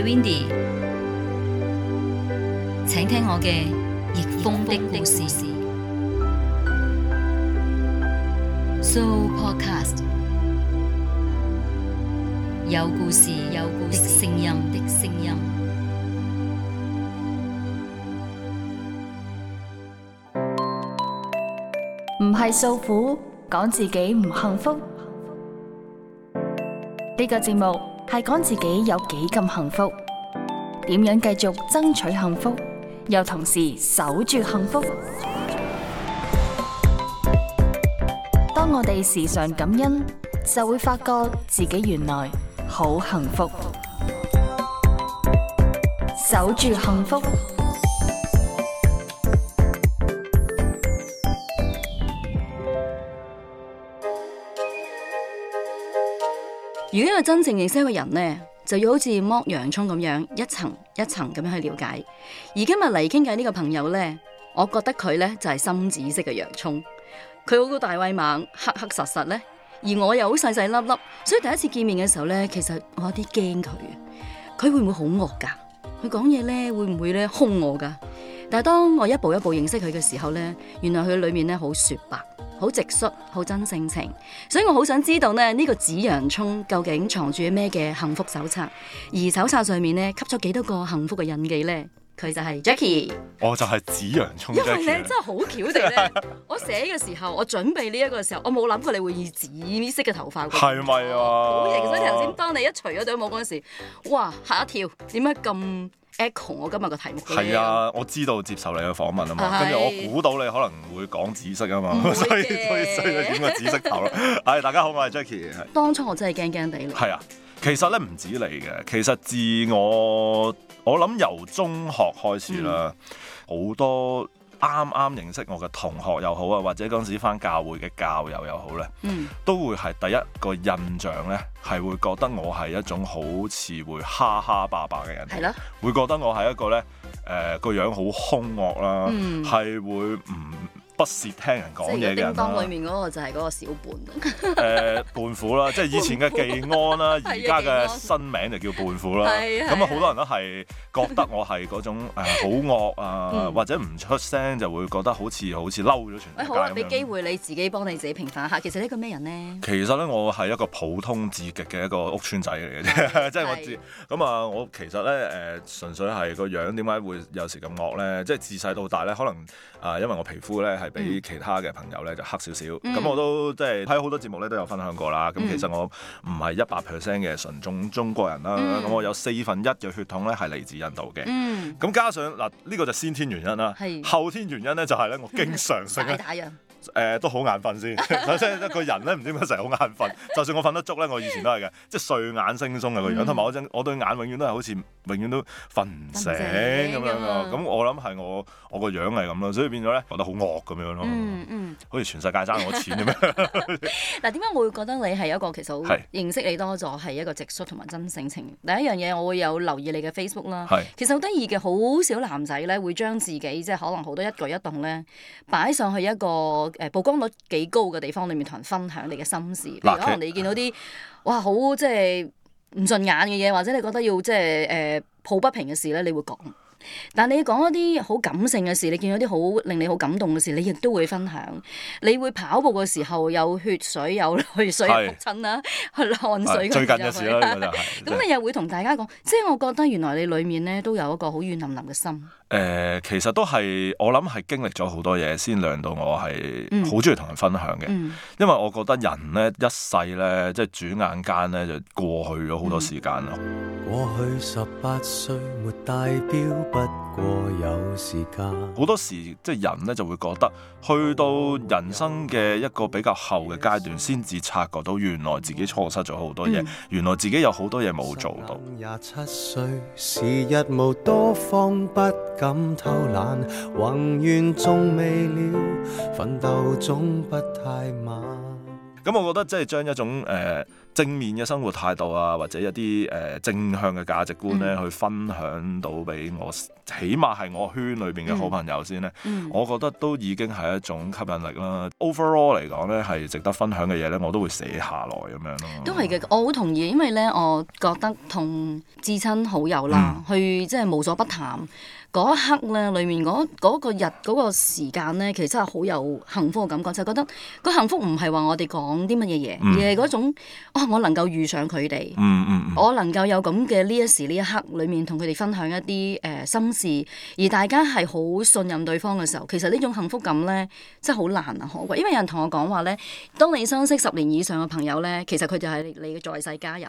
係 Windy，請聽我嘅逆風的故事。So Podcast 有故事，有故事，有聲音的聲音，唔係訴苦，講自己唔幸福。呢個節目。係講自己有幾咁幸福，點樣繼續爭取幸福，又同時守住幸福。當我哋時常感恩，就會發覺自己原來好幸福，守住幸福。如果要真正認識一個人呢，就要好似剝洋蔥咁樣一層一層咁樣去了解。而今日嚟傾偈呢個朋友呢，我覺得佢呢就係深紫色嘅洋蔥，佢好高大威猛，黑黑實實呢，而我又好細細粒粒，所以第一次見面嘅時候呢，其實我有啲驚佢，佢會唔會好惡噶？佢講嘢呢會唔會呢凶我噶？但係當我一步一步認識佢嘅時候呢，原來佢裏面呢好雪白、好直率、好真性情，所以我好想知道呢呢、呢個紫洋蔥究竟藏住咩嘅幸福手冊？而手冊上面呢，吸咗幾多個幸福嘅印記呢？佢就係 Jackie，我就係紫洋蔥。因為呢真係好巧地呢， 我寫嘅時候，我準備呢一個時候，我冇諗過你會以紫色嘅頭髮。係咪啊、哦？好型！所以頭先當你一除咗頂帽嗰陣時，哇嚇一跳，點解咁？Echo，我今日個題目係啊，我知道接受你嘅訪問啊嘛，跟住、啊、我估到你可能會講紫色啊嘛 所，所以所以所以就點個紫色頭咯。誒、 哎，大家好，我係 Jackie。當初我真係驚驚哋咯。係啊，其實咧唔止你嘅，其實自我我諗由中學開始啦，好、嗯、多。啱啱認識我嘅同學又好啊，或者嗰陣時返教會嘅教友又好咧，嗯、都會係第一個印象咧，係會覺得我係一種好似會哈哈霸霸嘅人，係會覺得我係一個咧，誒、呃、個樣好兇惡啦，係、嗯、會唔不屑聽人講嘢嘅人啦。裏面嗰個就係嗰個小胖。誒，胖虎啦，即係以前嘅技安啦，而家嘅新名就叫胖虎啦。咁啊，好多人都係覺得我係嗰種，誒，好惡啊，或者唔出聲就會覺得好似好似嬲咗全家咁樣。好，俾機會你自己幫你自己平反下，其實呢個咩人呢？其實咧，我係一個普通至極嘅一個屋村仔嚟嘅啫，即係我知。咁啊，我其實咧，誒，純粹係個樣點解會有時咁惡咧？即係自細到大咧，可能啊，因為我皮膚咧係。比其他嘅朋友咧就黑少少，咁、嗯、我都即係睇好多節目咧都有分享過啦。咁、嗯、其實我唔係一百 percent 嘅純種中國人啦，嗯、我有四分一嘅血統咧係嚟自印度嘅。咁、嗯、加上嗱，呢、呢個就先天原因啦，是後天原因咧就係、是、咧我經常食、嗯。大，大誒、呃、都好眼瞓先，即係 一個人咧，唔知點解成日好眼瞓。 就算我瞓得足咧，我以前都係嘅，即係睡眼惺忪嘅個樣。同埋嗰陣，我對眼永遠都係好似永遠都瞓唔醒咁、啊、樣。咁我諗係我我個樣係咁咯，所以變咗咧，覺得、嗯嗯、好惡咁樣咯。好似全世界爭我錢咁樣。嗱，點解我會覺得你係一個其實好認識你多咗，係是一個直率同埋真性情。第一樣嘢，我會有留意你嘅 Facebook 啦是。是其實好得意嘅，好少男仔咧會將自己即係可能好多一舉一動咧擺上去一個。誒曝光率幾高嘅地方裏面，同人分享你嘅心事，譬如可能你見到啲體哇好即係唔順眼嘅嘢，或者你覺得要即係誒抱不平嘅事咧，你會講。但你講一啲好感性嘅事，你見到啲好令你好感動嘅事，你亦都會分享。你會跑步嘅時候有血水、有淚水、濕襯啦，係汗水。最近嘅事啦，咁 是你又會同大家講，是即係我覺得原來你裡面咧都有一個好軟腍腍嘅心。誒、呃，其實都係我諗係經歷咗好多嘢先亮到我係好中意同人分享嘅，嗯、因為我覺得人咧一世咧即係轉眼間咧就過去咗好多時間囉。過去十八歲沒帶表。 不過有時間，好多時即係人呢就會覺得，去到人生嘅一個比較後嘅階段，先至察覺到原來自己錯失咗好多嘢，嗯、原來自己有好多嘢冇做到。廿七歲，時日無多，方不敢偷懶，宏願仲未了，奮鬥總不太晚。咁我覺得即係將一種誒。呃正面嘅生活態度啊，或者一啲誒、呃、正向嘅價值觀咧，嗯、去分享到俾我，起碼係我圈裏邊嘅好朋友先咧。嗯、我覺得都已經係一種吸引力啦。Overall 嚟講咧，係值得分享嘅嘢咧，我都會寫下來咁樣咯。都係嘅，我好同意，因為咧，我覺得同至親好友啦，嗯、去即係無所不談。嗰一刻咧，裏面嗰個日嗰、嗰個時間咧，其實真係好有幸福嘅感覺，就係、覺得、嗰個幸福唔係話我哋講啲乜嘢嘢，而係嗰種哦，我能夠遇上佢哋，嗯嗯嗯、我能夠有咁嘅呢一時呢一刻裏面同佢哋分享一啲誒、呃、心事，而大家係好信任對方嘅時候，其實呢種幸福感咧，真係好難啊，可貴。因為有人同我講話咧，當你相識十年以上嘅朋友咧，其實佢就係你嘅在世家人。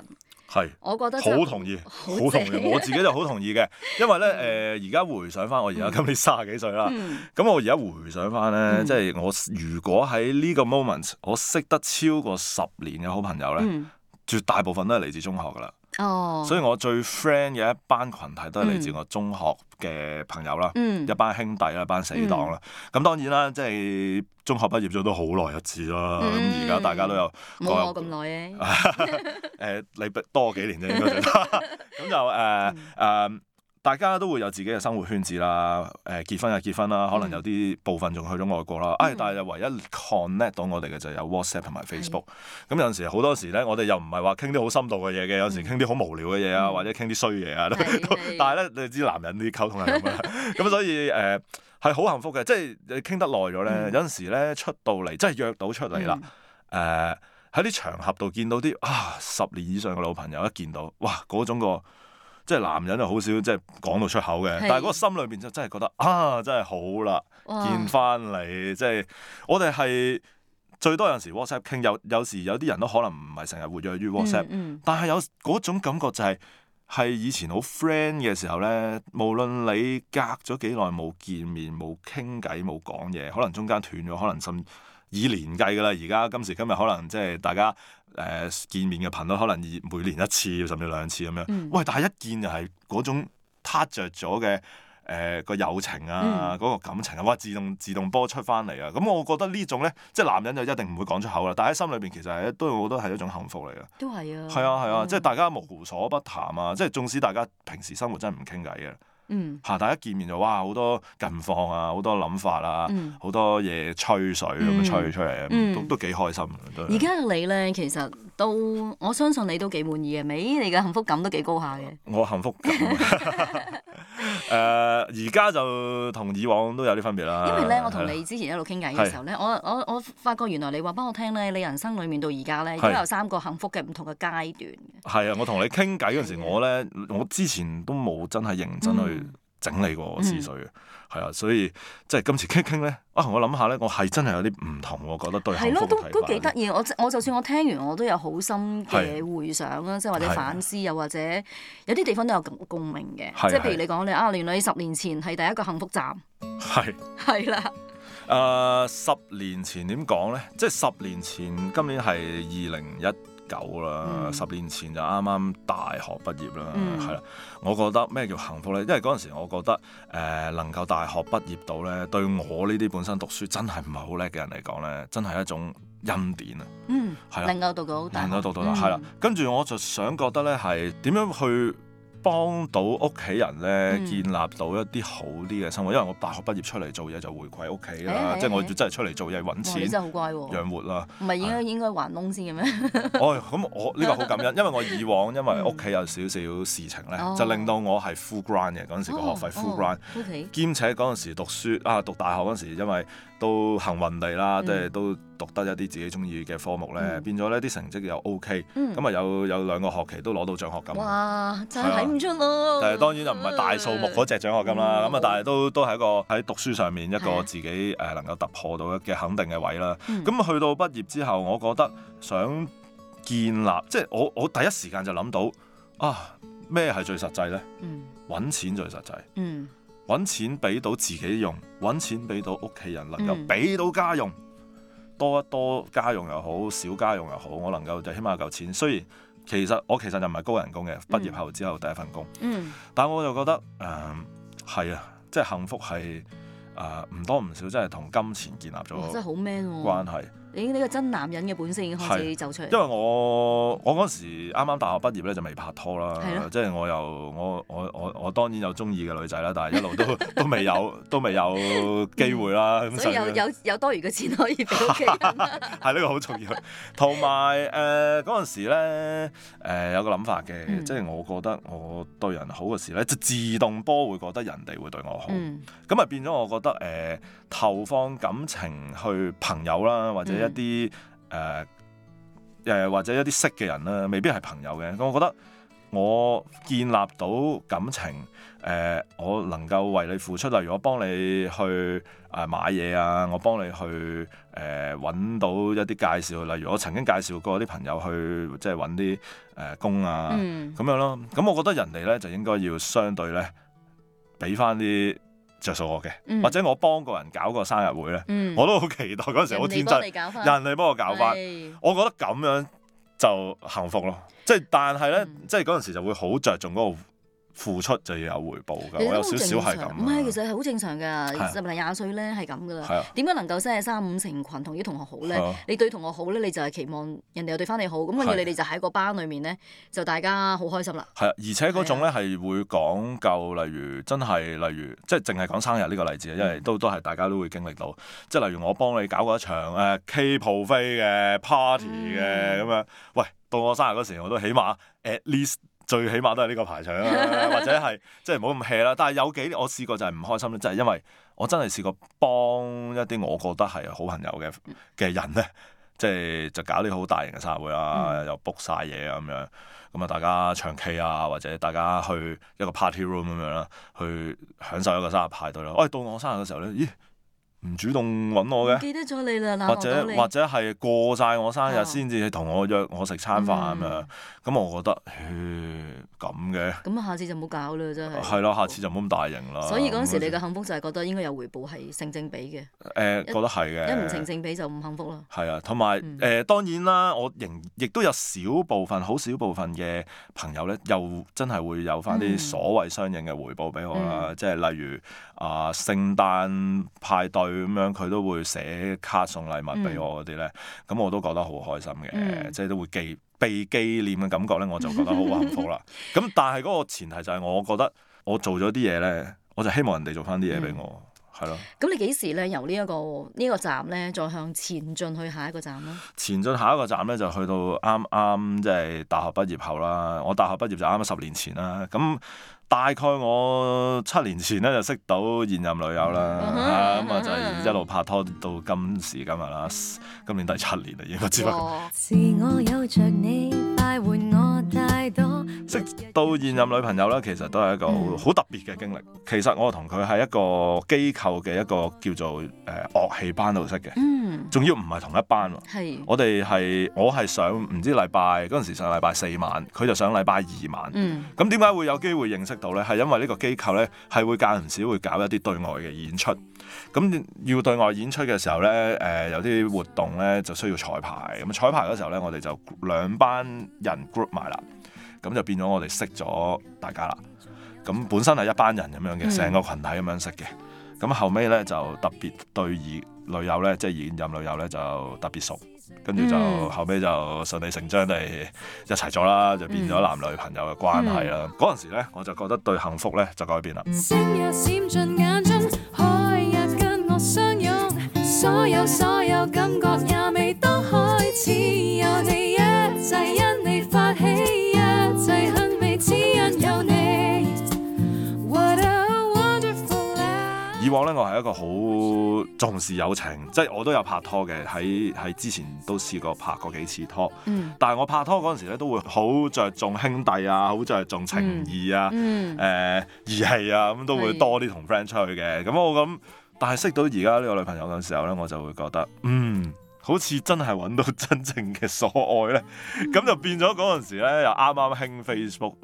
係，是我覺得好同意，好棒同意。 我自己就好同意嘅，因為咧，誒、呃，而家回想翻，我而家今年卅幾歲啦。咁、嗯、我而家回想翻咧，即係、嗯、我如果喺呢個 moment，我識得超過十年嘅好朋友咧，嗯、絕大部分都係嚟自中學㗎啦。哦，oh, 所以我最 friend 嘅一班群體都係嚟自我中學嘅朋友啦、嗯，一班兄弟啦，一班死黨啦。咁、嗯、當然啦，即、就、係、是、中學畢業咗都好耐日子啦。咁而家大家都有冇、嗯、日我咁耐嘅？誒， 你多幾年啫，應該咁就誒誒。Uh, uh, uh, 大家都會有自己嘅生活圈子啦，誒、呃、結婚就結婚啦，嗯、可能有啲部分仲去咗外國，國啦，哎！嗯、但係唯一 connect 到我哋嘅就有 WhatsApp 同埋 Facebook。咁是 有陣時好多時咧，我哋又唔係話傾啲好深度嘅嘢嘅，嗯、有時傾啲好無聊嘅嘢啊，嗯、或者傾啲衰嘢啊，嗯、 但係咧，你知男人啲溝通係咁樣，咁 所以誒係好幸福嘅，即係傾得耐咗咧，嗯、有陣時咧出到嚟即係約到出嚟啦。誒喺啲場合度見到啲啊十年以上嘅老朋友一見到，哇！嗰種個～即係男人就好少即係講到出口嘅。的但係嗰個心裏邊就真係覺得啊，真係好啦，哇見翻你，即係我哋係最多有時 WhatsApp 傾，有有時有啲人都可能唔係成日活躍於 WhatsApp、嗯嗯、但係有嗰種感覺就係係以前好 friend 嘅時候咧，無論你隔咗幾耐冇見面冇傾偈冇講嘢，可能中間斷咗，可能甚以年計噶啦，而家今時今日可能即係大家誒、呃、見面嘅頻率可能以每年一次甚至兩次咁樣。嗯、喂，但係一見就係嗰種攤著咗嘅誒個友情啊，嗰、嗯、個感情啊，哇！自動自動播出翻嚟啊！咁我覺得種呢種咧，即係男人就一定唔會講出口啦，但係喺心裏邊其實係都我覺得係一種幸福嚟噶。都係啊。係啊係啊，啊啊嗯、即係大家無所不談啊！即係縱使大家平時生活真係唔傾偈嘅。嗯，嚇！大家見面就哇，好多近況啊，好多諗法啊，好、嗯、多嘢吹水咁吹出嚟嘅，嗯嗯、都都幾開心。而家你咧，其實都我相信你都幾滿意嘅，咪？你嘅幸福感都幾高下嘅。我幸福感誒，而家、 呃、就同以往都有啲分別啦。因為咧，我同你之前一路傾偈嘅時候咧的，我我我發覺原來你話俾我聽咧，你人生裡面到而家咧，都有三個幸福嘅唔同嘅階段嘅。係啊，我同你傾偈嗰陣時，我咧我之前都冇真係認真去整理過我思緒嘅，係啊、嗯，所以即係今次傾傾咧，啊，我諗下咧，我係真係有啲唔同，我覺得都係係咯，都都幾得意。我我就算我聽完，我都有好深嘅回想啦，的即係或者反思，又的或者有啲地方都有咁共鳴嘅。的即係譬如你講你啊，原來你十年前係第一個幸福站，係係啦。誒的， uh, 十年前點講咧？即係十年前，今年係二零一。久啦，十、嗯、年前就啱啱大學畢業啦，係啦、嗯，我覺得咩叫幸福呢？因為嗰陣時我覺得誒、呃、能夠大學畢業到呢，對我呢啲本身讀書真係唔係好叻嘅人嚟講呢，真係一種恩典啊！嗯，係啦的，能夠讀到大學，能夠讀到大學，係啦，跟住、嗯、我就想覺得呢係點樣去。幫到屋企人咧，嗯、建立到一啲好啲嘅生活。因為我大學畢業出嚟做嘢就回饋屋企啦，欸欸、即係我真係出嚟做嘢揾錢、哦、養活啦。唔係應該、嗯、應該還窿先嘅咩？哦、 哎，咁我呢、呢個好感恩，因為我以往因為屋企有少少事情咧，嗯、就令到我係 full grant 嘅嗰陣時個學費、哦、full grant 兼且嗰陣時讀書啊讀大學嗰陣時因為。都幸運地啦，即係、嗯、都讀得一啲自己中意嘅科目咧，嗯、變咗咧啲成績又 OK，咁啊、嗯、有有兩個學期都攞到獎學金。哇！真係睇唔出咯。係當然就唔係大數目嗰隻獎學金啦，咁啊、嗯、但係都都係一個喺讀書上面一個自己誒能夠突破到嘅肯定嘅位啦。咁、嗯、去到畢業之後，我覺得想建立，即、就、係、是、我我第一時間就諗到啊咩係最實際咧？揾、嗯、錢最實際。嗯揾錢俾到自己用，揾錢俾到屋企人能夠俾到家用，多一多家用又好，少家用又好，我能夠就起碼有夠錢。雖然其實我其實就唔係高人工嘅，畢業後之後第一份工。嗯，但我就覺得誒係、呃、啊，即係幸福係誒唔多唔少，即係同金錢建立咗真係好關係。已經呢個真男人嘅本性已經開始走出嚟。因為我我嗰時啱啱大學畢業咧就未拍拖啦，的即係我又我我我我當然有中意嘅女仔啦，但係一路都 都未有都未有機會啦。嗯、啦所以有有，有多餘嘅錢可以俾屋企人。係呢、 呢個好重要。同埋誒嗰陣時咧誒、呃、有個諗法嘅，即係、嗯、我覺得我對人好嘅時咧，就自動波會覺得人哋會對我好。咁啊、嗯、變咗我覺得誒投、呃、放感情去朋友啦或者。一啲誒誒或者一啲識嘅人咧，未必係朋友嘅。咁我覺得我建立到感情，誒、呃、我能夠為你付出，例如我幫你去誒、呃、買嘢啊，我幫你去誒揾、呃、到一啲介紹，例如我曾經介紹過啲朋友去即係揾啲誒工啊，咁、嗯、樣咯。咁我覺得人哋咧就應該要相對咧俾翻啲。着數我嘅。嗯、或者我幫個人搞個生日會咧，嗯、我都好期待嗰時好天真，人哋幫我搞翻，是我覺得咁樣就幸福咯。即係，但係咧，即係嗰陣時就會好着重嗰、嗰個。付出就要有回報㗎，我有少少係咁。唔係，其實係好正常㗎。十零廿歲咧係咁㗎啦。點解、啊、能夠即係三五成群同啲同學好咧？啊、你對同學好咧，你就係期望人哋又對翻你好。咁跟住你哋就喺個班裡面咧，就大家好開心啦。係啊，而且嗰種咧係會講究，例如真係，例如、啊、即係淨係講生日呢個例子，嗯、因為都都係大家都會經歷到。即係例如我幫你搞過一場誒 K 鋪飛嘅 party 嘅咁、嗯、樣，喂，到我生日嗰時我都起碼 at least。最起碼都係呢個排場啦， 或者係即係唔好咁 hea 啦。但係有幾，我試過就係唔開心咧，即係因為我真係試過幫一啲我覺得係好朋友嘅嘅人咧，嗯、即係就搞啲好大型嘅生日會啊，嗯、又 book 晒嘢咁樣，咁啊大家唱 K 啊，或者大家去一個 party room 咁樣啦，去享受一個生日派對啦。喂、哎，到我生日嘅時候咧，咦？唔主動揾我嘅，記得咗你啦，或者或者係過晒我生日先至同我約我食餐飯啊，咁、嗯嗯、我覺得，咁嘅，咁下次就冇搞啦，真係，係咯、啊，下次就冇咁大型啦。所以嗰時你嘅幸福就係覺得應該有回報係成正比嘅。誒、嗯欸，覺得係嘅，一唔成正比就唔幸福咯。係啊，同埋誒當然啦，我仍亦都有少部分好少部分嘅朋友咧，又真係會有翻啲所謂相應嘅回報俾我啦，即係例如啊、呃、聖誕派對。佢咁樣，佢都會寫卡送禮物俾我嗰啲咧，咁、嗯、我都覺得好開心嘅，嗯、即係都會記被紀念嘅感覺咧，我就覺得好幸福啦。咁 但係嗰個前提就係我覺得我做咗啲嘢咧，我就希望人哋做翻啲嘢俾我。嗯係咯，咁、嗯嗯、你幾時咧由呢、這、一個呢、這個站咧再向前進去下一個站咧？前進下一個站咧就去到啱啱即係大學畢業後啦。我大學畢業就啱啱十年前啦。咁大概我七年前咧就識到現任女友啦。咁、嗯、哼啊就係一路拍拖到今時今日啦。今年第七年啦，應該只不過。 即到現任女朋友咧，其實都係一個好特別嘅經歷。嗯、其實我同佢係一個機構嘅一個叫做誒、呃、樂器班度識嘅，嗯，仲要唔係同一班喎是。我哋係我係上唔知禮拜嗰陣時上禮拜四晚，佢就上禮拜二晚。嗯，咁點解會有機會認識到咧？係因為呢個機構咧係會間唔時會搞一啲對外嘅演出。咁要對外演出嘅時候咧，誒、呃、有啲活動咧就需要彩排。咁彩排嗰時候咧，我哋就兩班人 group 埋啦。咁就變咗我哋識咗大家啦，咁本身係一班人咁樣嘅，成、mm. 個群體咁樣識嘅，咁後尾咧就特別對現女友咧，即係現任女友咧就特別熟，跟住就、mm. 後尾就順理成章地一齊咗啦，就變咗男女朋友嘅關係啦。嗰陣、mm. 時咧，我就覺得對幸福咧就改變啦。以往咧，我係一個好重視友情，即、就、係、是、我都有拍拖嘅。喺喺之前都試過拍過幾次拖，嗯、但係我拍拖嗰陣時咧，都會好着重兄弟啊，好着重情義啊，誒義氣啊，咁都會多啲同 friend 出去嘅。咁是我咁，但係識到而家呢個女朋友嘅時候咧，我就會覺得嗯，好似真係揾到真正嘅所愛咧。咁、嗯、 就變咗嗰陣時咧，又啱啱興 Facebook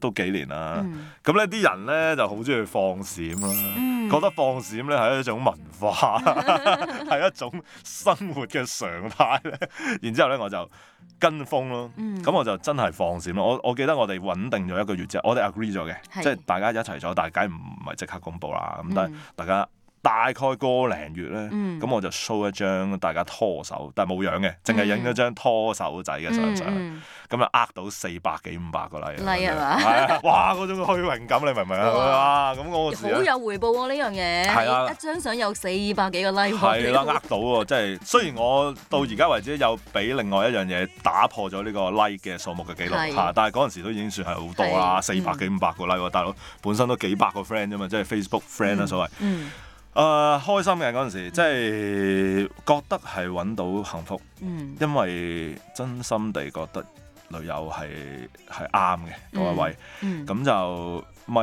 都幾年啦。咁、嗯、呢啲人咧就好中意放閃啦。嗯覺得放閃咧係一種文化，係 一種生活嘅常態咧。 然之後咧我就跟風咯，咁、嗯、我就真係放閃咯。我我記得我哋穩定咗一個月之後，我哋 agree 咗嘅，是即係大家一齊咗，但係梗係唔係即刻公佈啦。咁但係大家。大概個零月咧，咁我就 show 一張大家拖手，但係冇樣嘅，淨係影咗張拖手仔嘅相相，咁就呃到四百幾五百個 like。like 係嘛？哇，嗰種虛榮感你明唔明啊？係咁我好有回報喎呢樣嘢，係啊，一張相有四百幾個 like。係啦，呃到喎，即係雖然我到而家為止有俾另外一樣嘢打破咗呢個 like 嘅數目嘅紀錄嚇，但係嗰陣時都已經算係好多啦，四百幾五百個 like，大佬本身都幾百個 friend 啫嘛，即係 Facebook friend 啊，所謂。誒、呃、開心嘅嗰陣時，即係覺得係揾到幸福，嗯、因為真心地覺得女友係係啱嘅一位，咁、嗯嗯、就咪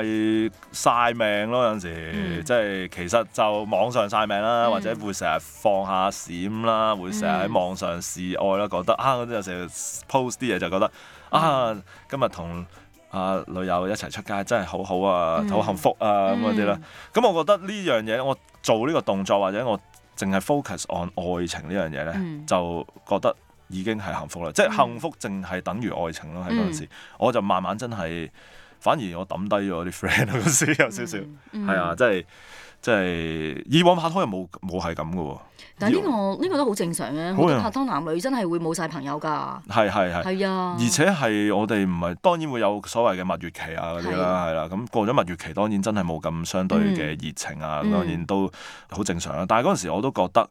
晒命咯。有陣時即係其實就網上晒命啦，嗯、或者會成日放下閃啦，會成日喺網上示愛啦，覺得啊嗰啲有時 post 啲嘢就覺得啊今日同啊、呃、女友一齊出街真係好好啊，好、嗯、幸福啊咁啲啦。咁、嗯、我覺得呢樣嘢，我做呢個動作或者我淨係 focus on 愛情呢樣嘢咧，嗯、就覺得已經係幸福啦。即係、嗯、幸福，淨係等於愛情咯。喺嗰陣時，嗯、我就慢慢真係反而我抌低咗啲 friend 嗰時有少少，係、嗯嗯、啊，即係真係以往拍拖又冇冇係咁嘅喎。但係、呢個、呢個呢、呢個都好正常嘅，好多拍拖男女真係會冇晒朋友㗎。係係係。係啊。而且係我哋唔係當然會有所謂嘅蜜月期啊嗰啲啦，係啦的。咁過咗蜜月期，當然真係冇咁相對嘅熱情啊，嗯、當然都好正常啦。但係嗰陣時我都覺得。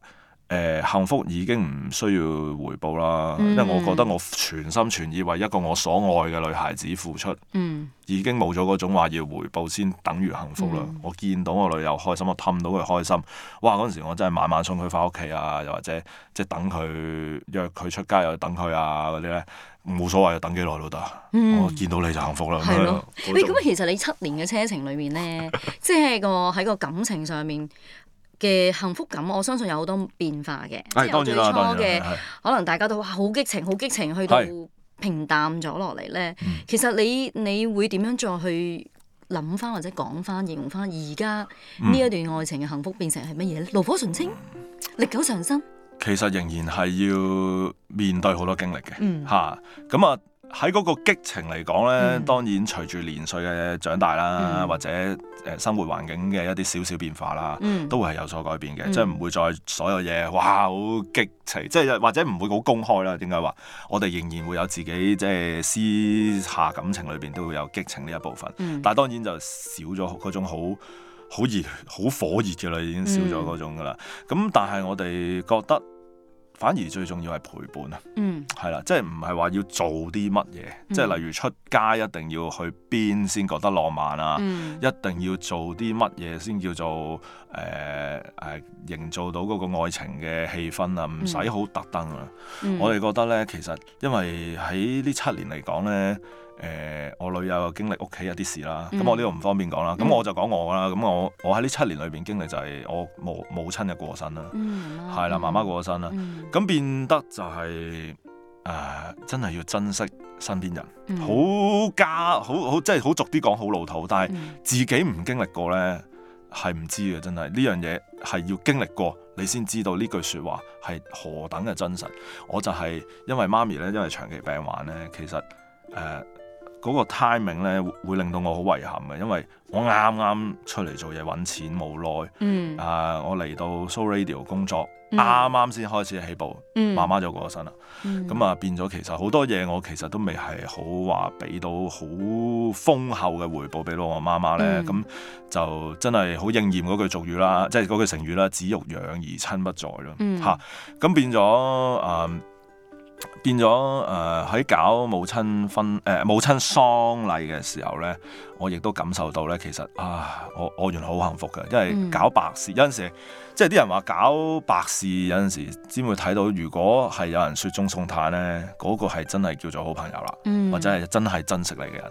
誒、欸、幸福已經唔需要回報啦，因為我覺得我全心全意為一個我所愛嘅女孩子付出，嗯、已經冇咗嗰種話要回報先等於幸福啦。嗯、我見到我女友開心，我氹到佢開心，哇！嗰陣時我真係晚晚送佢翻屋企啊，又或者即係等佢約佢出街又等佢啊嗰啲咧，冇所謂，等幾耐都得。嗯、我見到你就幸福啦。喂，咁其實你七年嘅車程裏面咧，即係個喺個感情上面。嘅幸福感，我相信有好多變化嘅。係是當然啦，當然啦。可能大家都好激情，好激情，去到平淡咗落嚟咧。是其實你你會點樣再去諗翻或者講翻形容翻而家呢一段愛情嘅幸福變成係乜嘢咧？爐、嗯、火純青，歷、嗯、久常新。其實仍然係要面對好多經歷嘅。吓、嗯。咁啊。喺嗰個激情嚟講咧，嗯、當然隨住年歲嘅長大啦，嗯、或者誒生活環境嘅一啲小小變化啦，嗯、都會係有所改變嘅，即係唔會再所有嘢哇好激情，即、就、係、是、或者唔會好公開啦。點解話我哋仍然會有自己即係、就是、私下感情裏邊都會有激情呢一部分，嗯、但係當然就少咗嗰種好好熱好火熱嘅啦，已經少咗嗰種噶啦。咁、嗯、但係我哋覺得。反而最重要係陪伴啊，係啦、嗯，即係唔係話要做啲乜嘢，嗯、即係例如出街一定要去邊先覺得浪漫啊，嗯、一定要做啲乜嘢先叫做誒誒、呃呃、營造到嗰個愛情嘅氣氛啊，唔使好特登啊。嗯、我哋覺得咧，其實因為喺呢七年嚟講咧。誒、呃，我女友經歷屋企一啲事啦，咁我呢度唔方便講啦，咁我就講我啦，咁我我喺呢七年裏邊經歷就係我母母親嘅過身啦，係、嗯、啦，媽媽過身啦，咁變得就係、是、誒、呃，真係要珍惜身邊人，好家好好即係好俗啲講，好老土，但係自己唔經歷過咧，係唔知嘅，真係呢樣嘢係要經歷過，你先知道呢句説話係何等嘅真實。我就係、是、因為媽咪咧，因為長期病患咧，其實誒。呃嗰個 timing 咧會令到我好遺憾嘅，因為我啱啱出嚟做嘢揾錢，冇耐、嗯。啊、呃，我嚟到 Soul Radio 工作啱啱先開始起步，嗯、媽媽就過身啦。咁啊、嗯、變咗，其實好多嘢我其實都未係好話俾到好豐厚嘅回報俾到我媽媽咧。咁、嗯、就真係好應驗嗰句俗語啦，嗯、即係嗰句成語啦，子欲養而親不在咯。嚇、嗯！咁變咗啊～變咗誒喺搞母親婚、誒、呃、母親喪禮嘅時候咧，我亦都感受到咧，其實啊，我我原來好幸福㗎，因為搞白事、嗯、有陣時。即係啲人話搞白事有陣時先會睇到，如果係有人雪中送炭呢，嗰個係真係叫做好朋友啦，或者係真係珍惜你嘅人。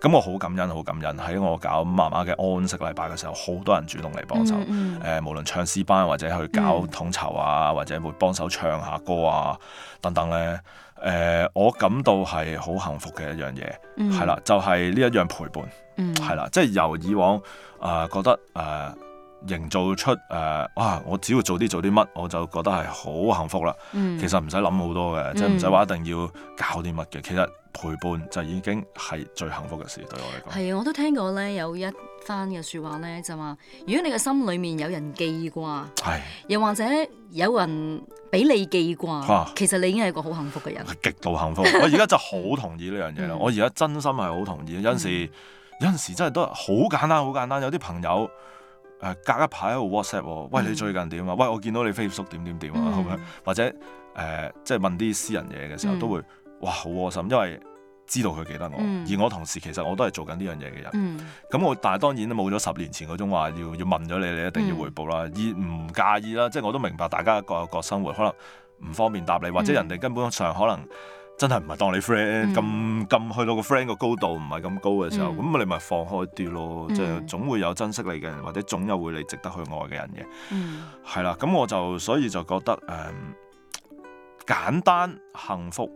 咁我好感恩，好感恩喺我搞媽媽嘅安息禮拜嘅時候，好多人主動嚟幫手。誒，無論唱詩班或者去搞統籌啊，或者會幫手唱下歌啊等等呢，誒，我感到係好幸福嘅一樣嘢，嗯，係啦，就係呢一樣陪伴。嗯，係啦，即係由以往啊，呃，覺得誒。呃營造出誒、呃、哇！我只要做啲做啲乜，我就覺得係好幸福啦。嗯、其實唔使諗好多嘅，嗯、即係唔使話一定要搞啲乜嘅。其實陪伴就已經係最幸福嘅事，對我嚟講係啊！我都聽過咧有一番嘅説話咧，就話如果你嘅心裡面有人記掛，係唉又或者有人俾你記掛，哇其實你已經係個好幸福嘅人，極度幸福。 我而家就好同意呢樣嘢啦。嗯、我而家真心係好同意。有陣時，有陣時,時真係都係好簡單，好簡單。有啲朋友。誒隔一排、呃、喺度 WhatsApp 喎、啊，喂、嗯、你最近點啊？喂我見到你 Facebook 點點點啊，係咪、嗯？或者誒、呃、即係問啲私人嘢嘅時候、嗯、都會，哇好窩心，因為知道佢記得我。嗯、而我同事其實我都係做緊呢樣嘢嘅人，咁、嗯、我但係當然都冇咗十年前嗰種話要要問咗你，你一定要回報啦，而唔、嗯、介意啦，即係我都明白大家各有各生活，可能唔方便答你，或者人哋根本上可能、嗯。真係唔係當你 friend 咁，咁去到個 friend 個高度唔係咁高嘅時候，咁、嗯、你咪放開啲咯，嗯、即係總會有珍惜你嘅人，或者總有會你值得去愛嘅人嘅。係啦、嗯，咁我就所以就覺得誒、嗯、簡單幸福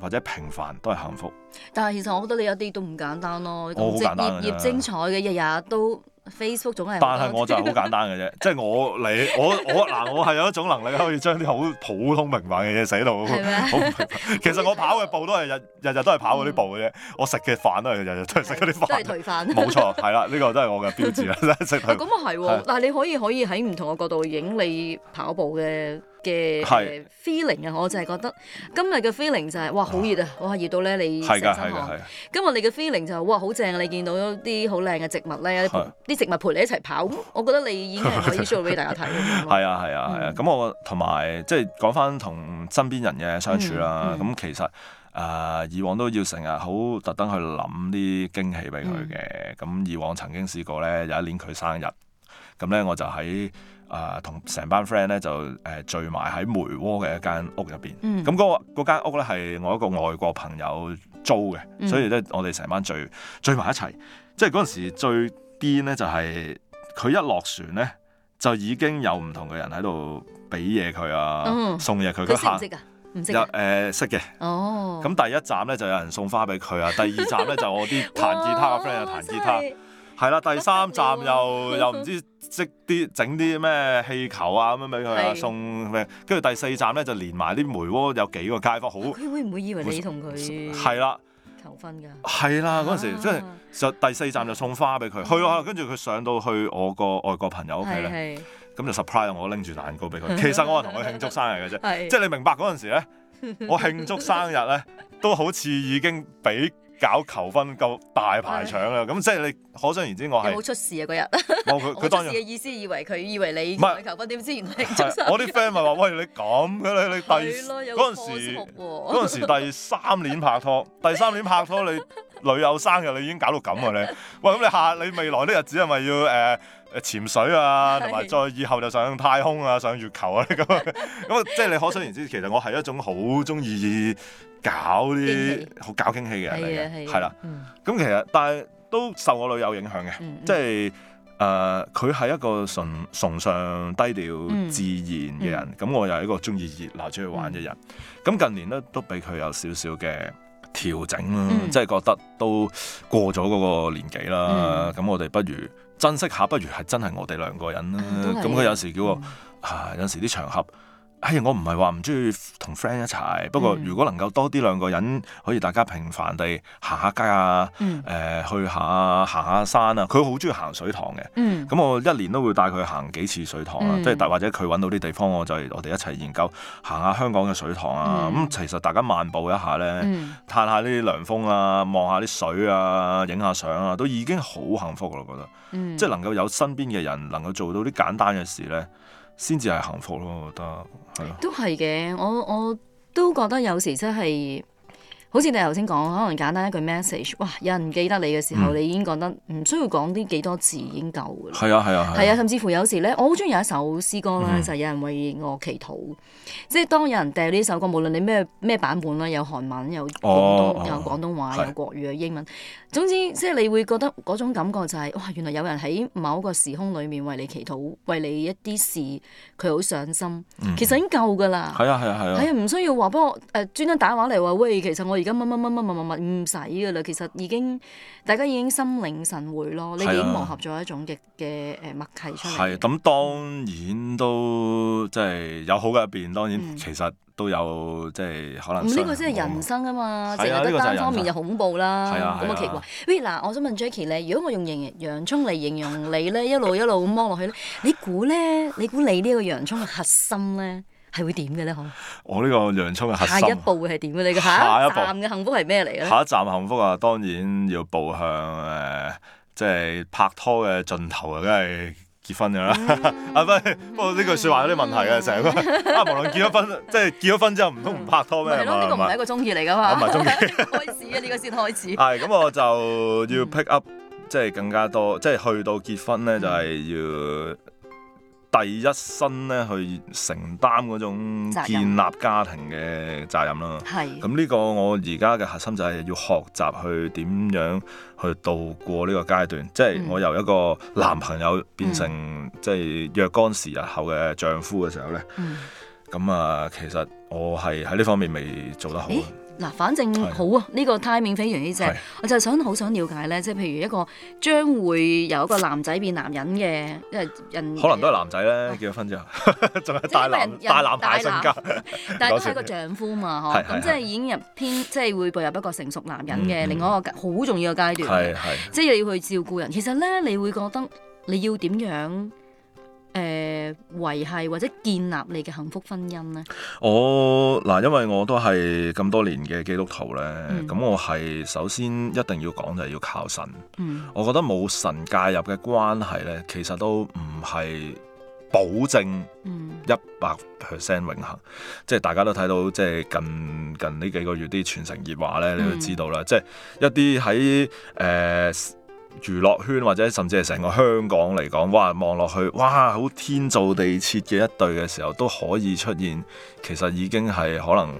或者平凡都係幸福。但係其實我覺得你有啲都唔簡單咯，好精，業業精彩嘅日日都。Facebook 總係，但係我就係好簡單嘅啫， 即係我你我我嗱，我係有一種能力可以將啲好普通平凡嘅嘢寫到，嗎 其實我跑嘅步都係日 日日都係跑嗰啲步嘅啫，嗯、我食嘅飯都係日日都係食嗰啲飯，冇錯，係啦， 呢、呢個都係我嘅標誌啦，咁我係，啊、的但係你可以可以喺唔同嘅角度影你跑步嘅。嘅 feeling 啊，我就係覺得今日嘅 feeling 就係、係、哇好熱啊，哇熱到咧你成身汗。今日你嘅 feeling 就係、係、哇好正，啊！你見到啲好靚嘅植物咧，啲的植物陪你一齊跑。我覺得你已經係可以 show 俾大家睇。係啊係啊係啊，咁、嗯、我同埋即係講翻同身邊人嘅相處啦。咁、嗯嗯、其實啊、呃、以往都要成日好特登去諗啲驚喜俾佢嘅。咁、嗯、以往曾經試過咧，有一年佢生日，咁咧我就喺。啊，同成班 friend 咧就誒聚埋喺梅窩嘅一間屋入邊。咁嗰、嗯嗰個間屋咧係我一個外國朋友租嘅，嗯、所以咧我哋成班聚聚埋一齊。即係嗰陣時最癲咧，就係、係、佢一落船咧，就已經有唔同嘅人喺度俾嘢佢啊，送嘢佢。佢嚇唔識㗎？唔識、嗯。誒識嘅。 呃、哦。咁第一站咧就有人送花俾佢啊，第二站咧就我啲彈吉他嘅 friend 啊彈吉他。係啦，第三站又又唔知識啲整啲咩氣球啊咁樣俾佢啊送咩，跟住第四站咧就連埋啲梅窩有幾個街坊好。佢會唔會以為你同佢係啦求婚㗎？係啦，嗰陣時即係就第四站就送花俾佢，去跟住佢上到去我個外國朋友屋企咧，咁就 surprise 我拎住蛋糕俾佢。其實我係同佢慶祝生日嘅啫，即係 是你明白嗰陣時咧，我慶祝生日咧都好似已經俾。搞求婚夠大排場啦，咁即係你可想而知，我係冇出事啊嗰日，佢當時嘅意思以為佢以為你唔係求婚，點知原來我啲 friend 咪話：喂，你咁嘅你，你第嗰陣時嗰陣時第三年拍拖，第三年拍拖你女友生日，你已經搞到咁啊你！喂咁你下你未來啲日子係咪要誒誒潛水啊，同埋再以後就上太空啊，上月球啊？咁咁即係你可想而知，其實我係一種好中意。搞啲好搞經濟嘅人嚟嘅，係啦。咁其實但係都受我女友影響嘅，即係誒佢係一個崇崇尚低調自然嘅人，咁我又係一個中意熱鬧出去玩嘅人。咁近年咧都畀佢有少少嘅調整啦，即係覺得都過咗嗰個年紀啦。咁我哋不如珍惜下，不如係真係我哋兩個人啦。咁佢有時叫我，有時啲場合。哎，hey, 我唔係話唔中意同 friend 一齊，不過如果能夠多啲兩個人，嗯、可以大家平凡地行下街啊，誒、嗯呃、去下行下山啊，佢好中意行水塘嘅。咁、嗯、我一年都會帶佢行幾次水塘啊，即係、嗯、或者佢揾到啲地方，我就我哋一齊研究行下香港嘅水塘啊。咁、嗯嗯、其實大家漫步一下咧，嘆下呢啲涼風啊，望下啲水啊，影下相啊，都已經好幸福，我覺得、嗯、即係能夠有身邊嘅人能夠做到啲簡單嘅事咧，先至係幸福咯。我覺得。都係嘅，我我都覺得有時真係。好似你頭先講，可能簡單一句 message，哇！有人記得你嘅時候，你已經覺得唔需要講啲幾多字已經夠㗎啦。係啊係啊係啊，甚至乎有時咧，我好中意有一首詩歌啦，就係有人為我祈禱。即係當有人訂呢首歌，無論你咩咩版本啦，有韓文，有廣東，有廣東話，有國語，有英文，總之即係你會覺得嗰種感覺就係哇！原來有人喺某個時空裏面為你祈禱，為你一啲事，佢好上心。其實已經夠㗎啦。係啊係啊係啊，係啊，唔需要話幫我誒專登打電話嚟話喂，其實我。而家乜乜乜乜乜乜乜唔使噶啦，其實已經大家已經心領神會咯，啊、你已經磨合咗一種嘅嘅誒默契出嚟。係咁，當然都、嗯、即係有好嘅一邊，當然其實都有即係可能。呢、嗯這個先係人生啊嘛，淨係得、啊、單方面就恐怖啦。係啊，咁、這個、啊，啊奇怪。喂、啊，嗱、啊，我想問 Jackie 咧，如果我用形洋葱嚟形容你咧，一路一路咁摸落去咧， 你估咧？你估你呢個洋葱嘅核心咧？係會點嘅咧？嗬！我呢個洋蔥嘅核心下一步會係點嘅？你嘅下一站嘅幸福係咩嚟咧？下一站幸福啊，當然要步向誒，即係拍拖嘅盡頭啊，梗係結婚㗎喇。啊，不過不過呢句説話有啲問題嘅，成日都。無論結咗婚，即係結咗婚之後唔通唔拍拖咩？係咯，呢個唔係一個中意嚟㗎嘛。唔係中意開始啊，呢個先開始。係咁，我就要 pick up，即係更加多，即係去到結婚咧，就係要。第一身咧，去承擔嗰種建立家庭嘅責任咯。咁呢是個我而家嘅核心就係要學習去點樣去度過呢個階段，即係、嗯、我由一個男朋友變成即係、嗯、若干時日後嘅丈夫嘅時候呢。咁、嗯、啊，其實我係喺呢方面未做得好。嗱，反正好啊，呢個 timing 非常之正。我就想好想了解咧，即係譬如一個將會由一個男仔變男人嘅，因為人可能都係男仔咧，結咗婚之後，仲係大男大男大但係，但都係一個丈夫嘛，咁即係已經入偏，即係會步入一個成熟男人嘅另外一個好重要嘅階段，即係你要去照顧人。其實咧，你會覺得你要點樣？誒、呃、維繫或者建立你嘅幸福婚姻呢？我嗱因為我都係咁多年嘅基督徒咧，咁、嗯、我係首先一定要講就係要靠神。嗯、我覺得冇神介入嘅關係咧，其實都唔係保證一百 percent 永恆。即係、嗯、大家都睇到，即、就、係、是、近近呢幾個月啲傳承熱話咧，你都知道啦。即係、嗯、一啲喺誒。呃娛樂圈或者甚至係成個香港嚟講，哇！望落去，哇！好天造地設嘅一對嘅時候，都可以出現，其實已經係可能。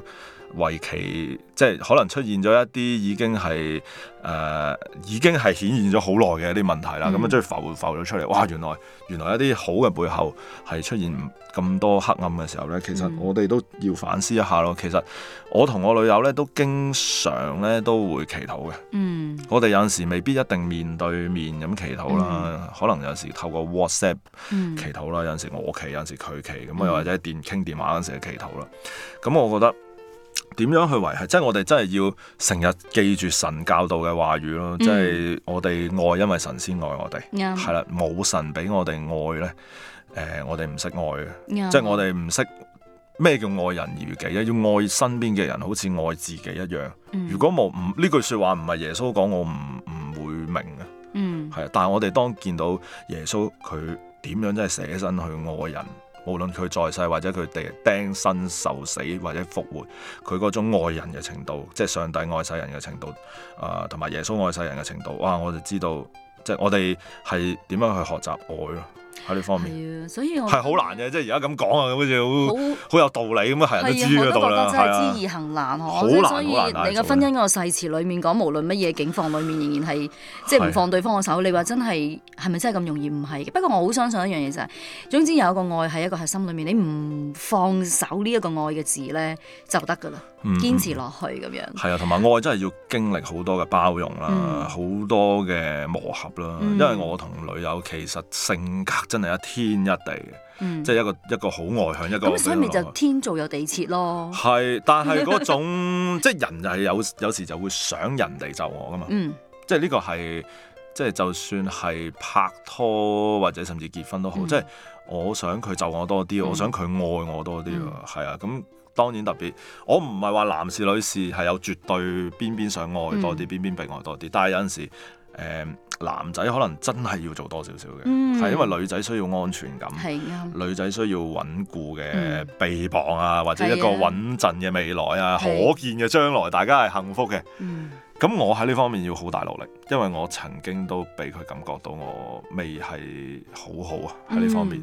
為其即係可能出現咗一啲已經係誒、呃、已經係顯現咗好耐嘅一啲問題啦，咁啊終於浮浮咗出嚟，哇！原來原來一啲好嘅背後係出現咁多黑暗嘅時候咧，其實我哋都要反思一下咯。其實我同我女友咧都經常咧都會祈禱嘅。嗯，我哋有陣時未必一定面對面咁祈禱啦，嗯、可能有時透過 WhatsApp 祈禱啦、嗯，有時我祈，有時佢祈，咁啊又或者電傾電話嗰陣時嘅祈禱啦。咁我覺得。點樣去維繫？即係我哋真係要成日記住神教導嘅話語咯。嗯、即係我哋愛，因為神先愛我哋。係啦、嗯，冇神俾我哋愛咧，誒、呃，我哋唔識愛嘅。即係、嗯、我哋唔識咩叫愛人如己，要愛身邊嘅人，好似愛自己一樣。嗯、如果冇唔呢句話說話唔係耶穌講，我唔唔會明嘅。嗯，係啊。但係我哋當見到耶穌佢點樣真係捨身去愛人。無論佢在世或者佢哋釘身受死或者復活，佢嗰種愛人嘅程度，即係上帝愛世人嘅程度，啊、呃，同埋耶穌愛世人嘅程度，哇！我就知道，即係我哋係點樣去學習愛咯。喺呢方面，係啊，所以我係好難嘅，即係而家咁講啊，好似好好有道理咁啊，係人都知嘅道理啦。係知易行難，嗬。好難，好難。你個婚姻嗰個誓詞裏面講，無論乜嘢境況裏面，仍然係即係唔放對方嘅手。你話真係係咪真係咁容易？唔係。不過我好相信一樣嘢就係，總之有一個愛係一個喺心裏面，你唔放手呢一個愛嘅字咧，就得㗎啦。堅持落去咁樣。係啊，同埋愛真係要經歷好多嘅包容啦，好多嘅磨合啦。因為我同女友其實性格，真係一天一地嘅。嗯、即係一個一個好外向，一個咁，所以咪就天造有地設咯。係，但係嗰種 即係人又係有有時就會想人哋就我噶嘛。嗯、即係呢個係即係就算係拍拖或者甚至結婚都好，嗯、即係我想佢就我多啲，嗯、我想佢愛我多啲。係、嗯、啊，咁當然特別，我唔係話男士女士係有絕對邊邊想愛多啲，邊邊被愛多啲。但係有陣時，誒、嗯。嗯男仔可能真係要做多少少嘅，係、嗯、因為女仔需要安全感，啊、女仔需要穩固嘅臂膀啊，嗯、或者一個穩陣嘅未來啊，啊，可見嘅將來，大家係幸福嘅。嗯咁我喺呢方面要好大努力，因為我曾經都俾佢感覺到我未係好好啊喺呢方面，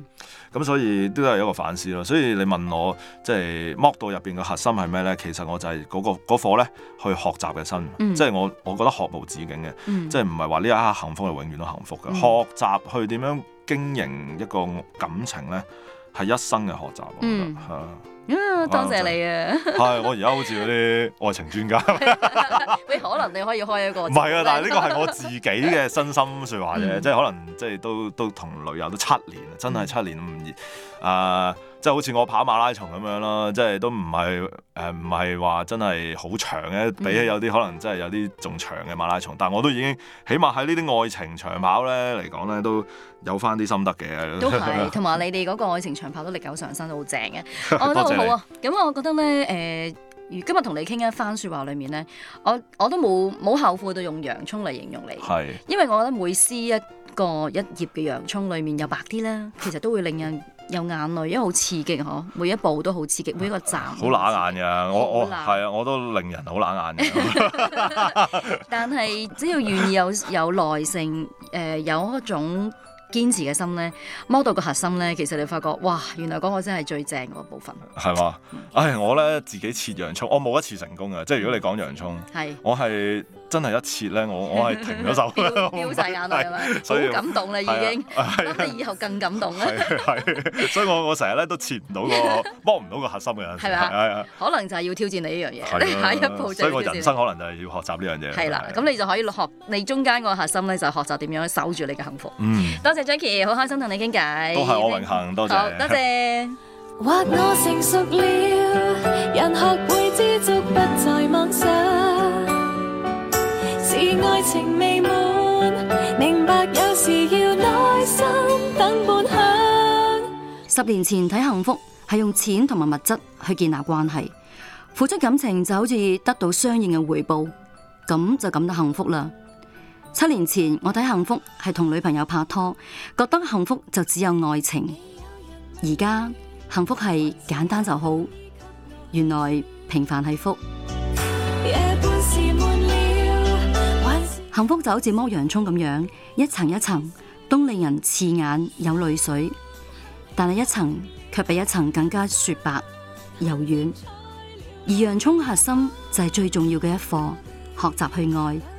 咁、嗯、所以都係一個反思咯。所以你問我即係剝到入邊嘅核心係咩咧？其實我就係嗰、嗰個課咧去學習嘅心，嗯、即係我我覺得學無止境嘅，嗯、即係唔係話呢一刻幸福係永遠都幸福嘅，嗯、學習去點樣經營一個感情咧。係一生嘅學習，我覺得、嗯、啊，多謝，謝你啊！係， 我而家好似嗰啲愛情專家。喂， 可能你可以開一個？唔係啊， 但係呢個係我自己嘅真心説話啫、嗯，即係可能即係都都同女友都七年，七年都、嗯、啊，真係七年咁熱啊！即係好似我跑馬拉松咁樣啦，即係都唔係誒，唔係話真係好長嘅，比起有啲可能真係有啲仲長嘅馬拉松，但我都已經起碼喺呢啲愛情長跑咧嚟講咧，都有翻啲心得嘅。都係是，同埋 你哋嗰個愛情長跑都歷久常新，都好正嘅。 是我覺得都好啊。咁我覺得咧誒，如、呃、今日同你傾一番説話裏面咧，我我都冇冇後悔到用洋葱嚟形容你，是因為我覺得每撕一個一葉嘅洋葱裏面又白啲啦，其實都會令人。 有眼淚，因為好刺激呵，每一步都好刺激，每一個站。好冷眼㗎，我我係啊難，我都令人好冷眼。但係只要願意有有耐性，誒、 呃、有一種。堅持嘅心咧，摸到個核心咧，其實你發覺哇，原來嗰個真係最正嗰部分。係嘛？唉，我咧自己切洋葱，我冇一次成功嘅。即係如果你講洋葱，係我係真係一切咧，我我係停咗手，掉曬眼淚啊嘛，好感動啦已經。咁你以後更感動啦。所以我我成日咧都切唔到個摸唔到個核心嘅人。係嘛？可能就係要挑戰你呢樣嘢，下一步。所以我人生可能就係要學習呢樣嘢。係啦，咁你就可以學你中間個核心咧，就學習點樣守住你嘅幸福。張 Key，好開心同你傾偈。都係我榮幸，多謝。多謝。或我成熟了，人學會知足，不再妄想。是愛情未滿，明白有時要耐心等半晌。十年前睇幸福，係用錢同埋物質去建立關係，付出感情就好似得到相應嘅回報，咁就感到幸福啦。七年前，我睇幸福係同女朋友拍拖，覺得幸福就只有愛情。而家幸福係簡單就好，原來平凡係福。幸福就好似剝洋蔥咁樣，一層一層，都令人刺眼有淚水，但係一層卻比一層更加雪白柔軟。而洋蔥核心就係最重要嘅一課，學習去愛。